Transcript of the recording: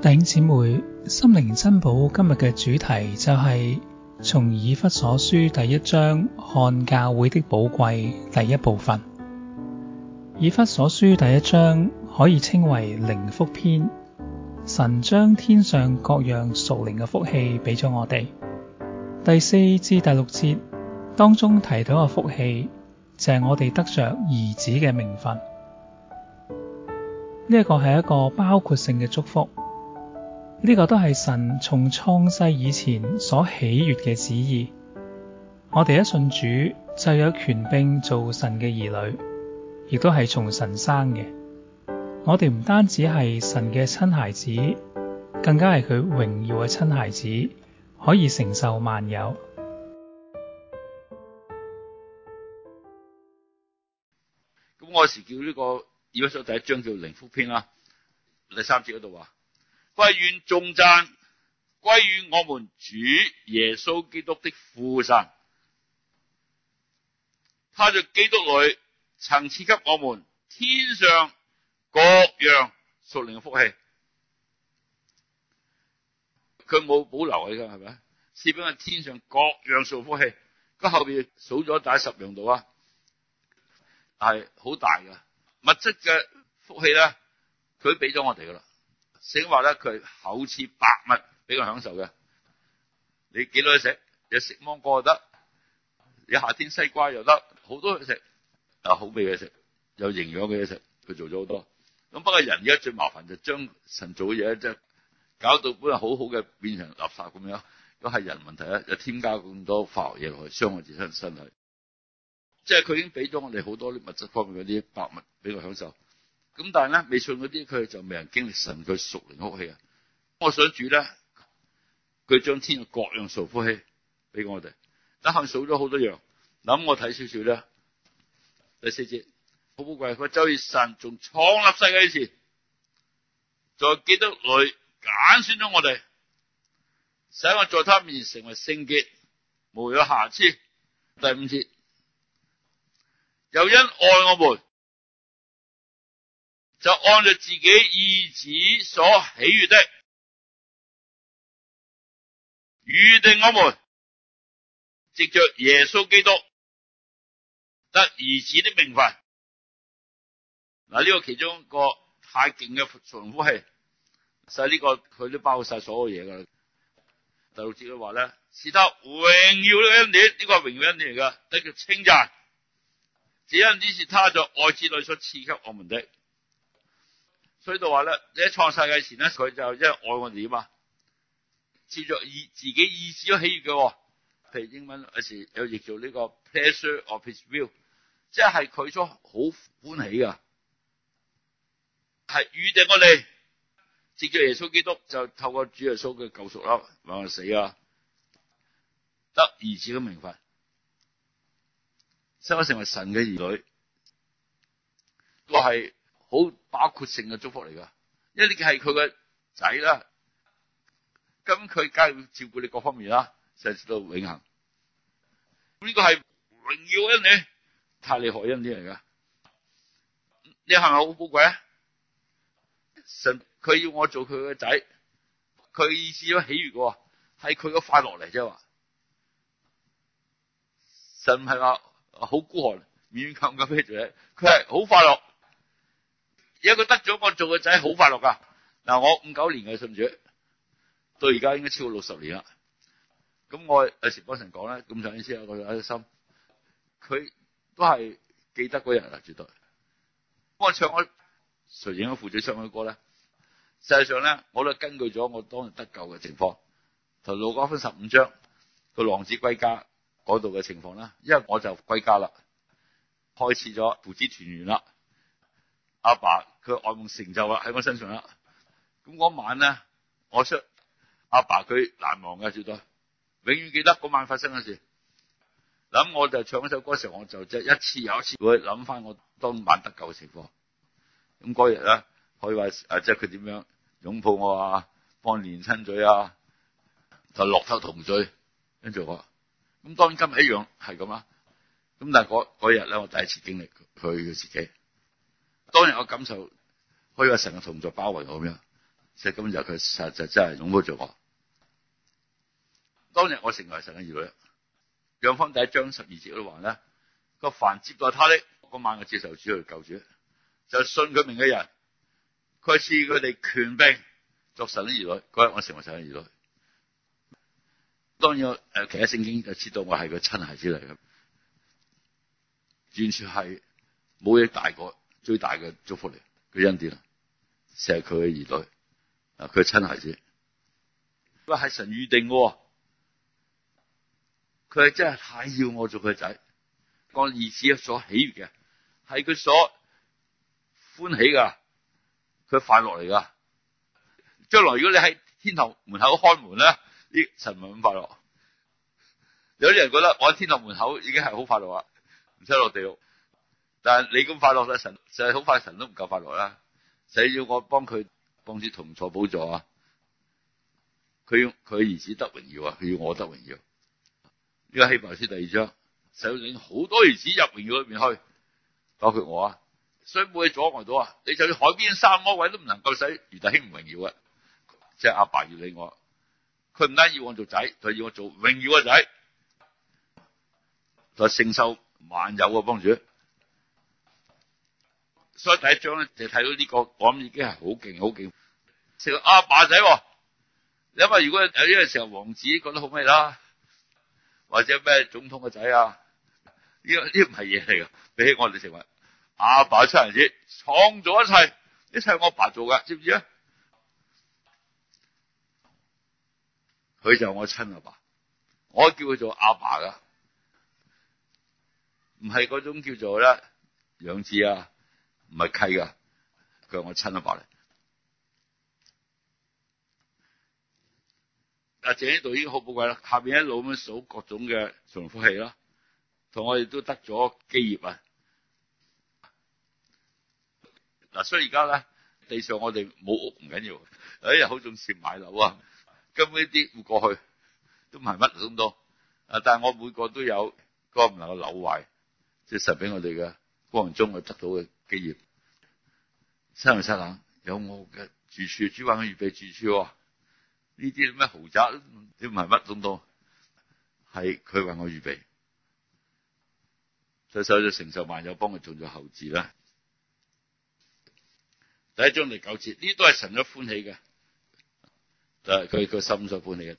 弟兄姊妹，心靈珍寶今日嘅主題就係從以弗所書第一章看教會的寶貴第一部分。以弗所書第一章可以稱為靈福篇，神將天上各樣屬靈嘅福氣俾咗我哋。第四至第六節當中提到嘅福氣就係、是、我哋得着兒子嘅名分，呢、這、一個係一個包括性嘅祝福。呢、這個都係神從創世以前所喜悅嘅旨意。我哋一信主，就有權柄做神嘅兒女，亦都係從神生嘅。我哋唔單止係神嘅親孩子，更加係佢榮耀嘅親孩子，可以承受萬有。咁我時叫呢、這個以弗所書第一章叫靈福篇啊，第三節嗰度話。歸願頌讚歸與我們主耶穌基督的父神，他在基督裡曾賜給我們天上各樣屬靈嘅福氣，佢冇保留啊！依係咪？賜俾我天上各樣屬數樣福氣，咁後邊數咗打十樣度啊，但係好大嘅物質嘅福氣咧，佢俾咗我哋噶啦。成日話咧，佢厚賜百物俾佢享受嘅。你幾多嘢食？有食芒果又得，你夏天西瓜又得，好多嘢食，啊好味嘅食，有營養嘅嘢食。佢做咗好多。咁不過人而家最麻煩就將神做嘅嘢，即係搞到本嚟好好嘅變成垃圾咁樣。如果係人問題咧，就添加咁多化學嘢落去，傷害自身身體。即係佢已經俾咗我哋好多啲物質方面嗰啲百物俾佢享受。咁但係咧，未信嗰啲佢就未人經歷神佢屬靈福氣啊！我想主咧，佢將天嘅各樣屬靈福氣俾我哋，等下數咗好多樣，諗我睇少少啦。第四節好寶貴，就如神從創立世界以前，在基督裡揀選咗我哋，使我在他面前成為聖潔，無有瑕疵。第五節又因愛我們。就按照自己意旨所喜悅的預定，我們藉着耶穌基督得兒子的名分。嗱，呢個其中一個太勁嘅神乎氣，所以呢個佢都包晒所有嘢噶啦。第六節佢話咧，是他榮耀的恩典，呢、這個榮耀嘅恩典嚟嘅，呢、這個這個、叫稱讚，只因這是他在愛子裡所賜給我們的。佢就話咧，喺創世界前咧，佢就因為愛我哋點啊，接著以自己意志都喜悅嘅，譬如英文有時有譯做呢、呢個 pleasure of his will 即係佢都好歡喜噶，係預定我哋接著耶穌基督，就透過主耶穌嘅救贖啦，揾我死啊，得兒子嘅名份，先可成為神嘅兒女，個係。好包括性嘅祝福嚟噶，因為你係佢嘅仔啦，咁佢梗係照顧你各方面啦，直到永恒。呢個係榮耀恩典，太厲害恩啲嚟噶。你係咪好寶貴啊？神佢要我做佢嘅仔，佢意思咩喜悅嘅，係佢嘅快樂嚟啫嘛。神唔係話好孤寒，勉勉強強咩做嘢，佢係好快樂。而家佢得咗、嗯，我做個仔好快樂噶。嗱，我五九年嘅，信主，到而家應該超過六十年啦。咁我陳說，有時幫神講咧，咁想意思我有啲心。佢都係記得嗰日啊，絕對。我唱我誰演我父子唱嘅歌咧？事實上咧，我都根據咗我當日得救嘅情況，同《路加》分十五章個浪子歸家嗰度嘅情況啦。因為我就歸家啦，開始咗父子團圓啦。阿爸佢愛夢成就啦喺我身上啦，咁嗰晚咧，我出阿爸佢難忘嘅最多，永遠記得嗰晚發生嘅事。嗱咁我就唱嗰首歌嘅時候，我就即係一次又一次會諗翻我當晚得救嘅情況。咁嗰日咧，可以話啊，即係佢點樣擁抱我啊，放連親嘴啊，就落頭同醉。跟住我，咁當然今日一樣係咁啦。咁但係嗰日咧，我第一次經歷佢嘅自己。當日我感受，可以話神嘅同在包圍的，在包圍我咁樣，即係今日佢實就真係擁抱住我。當日我成為神嘅兒女，養方第一章十二節都話咧，個凡接待他的，嗰晚嘅接受主去救主，就信佢命嘅人，佢賜佢哋權柄作神嘅兒女。嗰日我成為神嘅兒女。當然我誒，其他聖經就知道我係個親孩子嚟嘅，完全係冇嘢大過。最大嘅祝福嚟，佢恩典，成佢嘅兒女，啊，佢嘅親孩子，佢係神預定嘅，佢係真係太要我做佢仔，講兒子講所喜悅嘅，係佢所歡喜噶，佢快樂嚟噶，將來如果你喺天堂門口開門咧，啲神民咁快樂，有啲人覺得我喺天堂門口已經係好快樂啦，唔使落地獄。但你咁快樂，神實係好快，神都唔夠快樂啦。就要我幫佢幫啲同坐寶座啊！佢要佢兒子得榮耀啊！佢要我得榮耀。呢個希伯來書第二章，想領好多兒子入榮耀裏面去，包括我啊！所以冇左阻礙到啊！你就算海邊三個位都唔能夠使余大兄唔榮耀啊，即係阿爸要理我，佢唔單要我做仔，佢要我做榮耀嘅仔，就聖受萬有嘅幫主所以第一章咧就睇到呢個，我諗已經係好勁，好勁，成個阿爸仔。你諗下，如果有呢個時候王子覺得好咩啦，或者咩總統個仔啊？呢呢唔係嘢嚟噶，比起我哋成為阿爸親兒子，創造一切，一切係我爸做噶，知唔知啊？佢就係我親阿爸，我叫佢做阿爸噶，唔係嗰種叫做咧養子啊。唔係契噶，佢係我親阿爸嚟。嗱，正喺度已經好寶貴啦。下邊一路咁數各種嘅重複器啦，同我哋都得咗基業啊。嗱，所以而家咧，地上我哋冇屋唔緊要，哎呀好重視買樓啊。根本呢啲會過去，都唔係乜咁多啊，但係我每個都有個唔能夠扭壞，即係實俾我哋嘅光榮中我得到嘅。基業，塞冷塞冷，有我嘅住處，主話我預備住處喎，呢啲咩豪宅都唔係乜東東，係佢話我預備，再受咗承受萬有幫佢做咗後嗣啦。第一章嚟九節，呢都係神所歡喜嘅，啊、就是，佢佢心所歡喜嘅。